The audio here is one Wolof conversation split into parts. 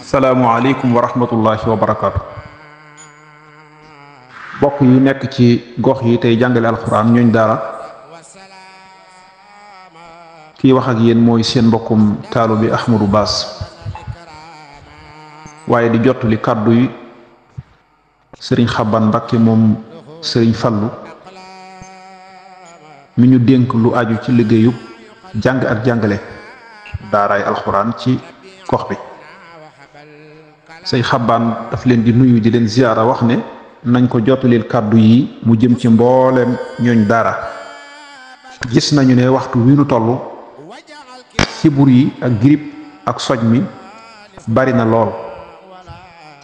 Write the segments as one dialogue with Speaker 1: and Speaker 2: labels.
Speaker 1: salaamualeykum wa rahmatullahi wa barakaatu. bokk yu nekk ci gox yi tey jàngale alxuraan ñooñ daara kii wax ak yéen mooy seen mbokkum taalu bi Ahmadou baas waaye di jot li kàddu yi sëriñ Xaban Mbakke moom sëriñ Fallu mi ñu dénk lu aju ci liggéeyub jàng ak jàngale daaraay alxuraan ci gox bi say xabaan daf leen di nuyu di leen ziyaara wax ne nañ ko jottalil kàddu yi mu jëm ci mbooleem ñooñ dara gis nañu ne waxtu wi nu toll sibur yi ak grippe ak soj mi bari na lool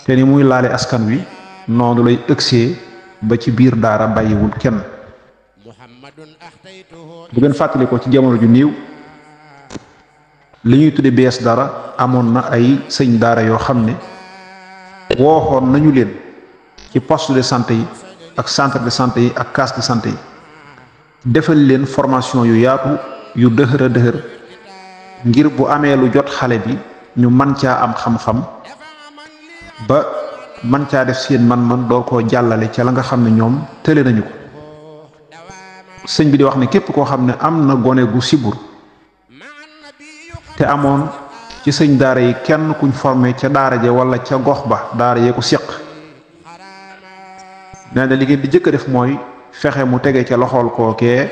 Speaker 1: te ni muy laale askan wi noonu lay ëgsee ba ci biir daara bàyyiwul kenn bu ngeen fàttali ci jamono ju niiw li ñuy tudde bees dara amoon na ay sëñ daara yoo xam ne wooxoon nañu leen ci poste de santé yi ak centre de santé yi ak case de santé yi defal leen formation yu yaatu yu dëhër a dëhër ngir bu amee lu jot xale bi ñu man caa am xam-xam ba man caa def seen man-man doo ko jàllale ca la nga xam ne ñoom tële nañu ko sëñ bi di wax ne képp koo xam ne am na gone gu sibur te amoon ci sëñ daara yi kenn kuñ formé ca daara ja wala ca gox ba daara yee ko séq nee na li ngeen di jëkk a def mooy fexe mu tege ca loxool kookee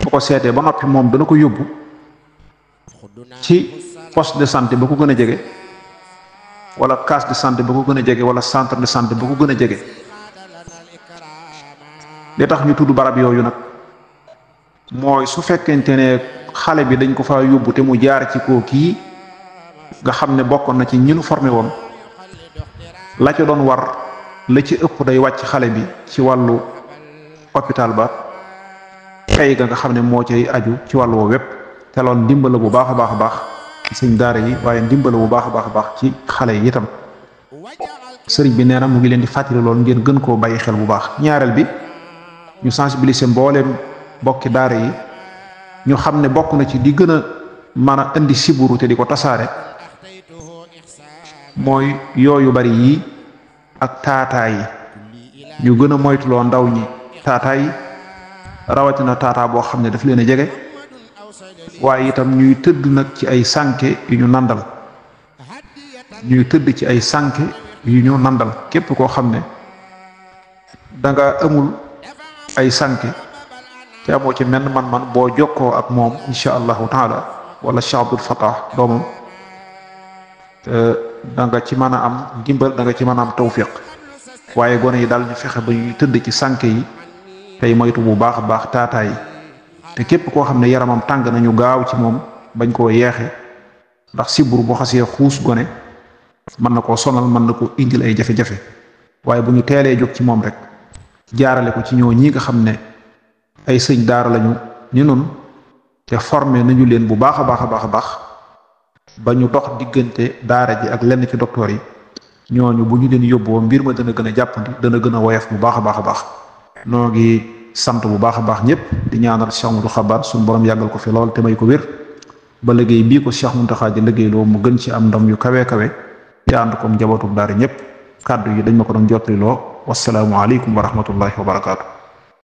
Speaker 1: bu ko seetee ba noppi moom dana ko yóbbu ci poste de santé ba ko gën a jege wala case de santé ba ko gën a jege wala centre de santé ba ko gën a jege li tax ñu tudd barab yooyu nag mooy su fekkente ne xale bi dañ ko faa yóbbu te mu jaar ci koo kii nga xam ne bokkoon na ci ñinu formé woon la ca doon war la ci ëpp day wàcc xale bi ci wàllu hôpital ba kay ga nga xam ne moo cay aju ci wàllu woo wépp te lool ndimbala bu baax a baax baax sëñ daara yi waaye ndimbala bu baax a baax a baax ci xale yi itam sëriñ bi nee na mu ngi leen di fàttali lool ngeen gën koo bàyyi xel bu baax ñaareel bi ñu sensibiliser mbooleem bokki daara yi ñu xam ne bokk na ci di gën a mën a indi siburu te di ko tasaare mooy yooyu bari yi ak taataay yi ñu gën a moytuloo ndaw ñi taataay rawatina taataa boo xam ne daf leen a jege waaye itam ñuy tëdd nag ci ay sànke yu ñu nandal ñuy tëdd ci ay sànke yu ñu nandal képp koo xam ne danga amul ay sànke te amoo ci menn man-man boo jokkoo ak moom incha allahu taala wala Cheikh Abdul Fatah doomam da nga ci mën a am ndimbal da nga ci mën a am tawfiq waaye gone yi daal ñu fexe ba ñuy tëdd ci sànk yi tey moytu bu baax a baax taataay te képp koo xam ne yaramam tàng nañu gaaw ci moom bañ koo yeexe ndax sibur bu xasee xuus gone mën na koo sonal mën na koo indil ay jafe-jafe waaye bu ñu teelee jóg ci moom rek jaarale ko ci ñoo ñi nga xam ne ay sëñ daara lañu ni noonu te formé nañu leen bu baax a baax a baax a baax ba ñu dox diggante daara ji ak lenn ci docteur yi ñooñu bu ñu leen yóbboo mbir ma dana gën a jàppandi dana gën a woyof bu baax a baax a baax noo sant bu baax a baax ñëpp di ñaanal Cheikh Moudou Xabaar suñu borom yàggal ko fi lool te may ko wér ba liggéey bii ko Cheikh Mountakha di liggéey loo mu gën ci am ndom yu kawe kawe te ànd ko njabootu daar ñëpp kàddu yi dañ ma ko doon jottali loo wasalaamualeykum wa rahmatullahi wa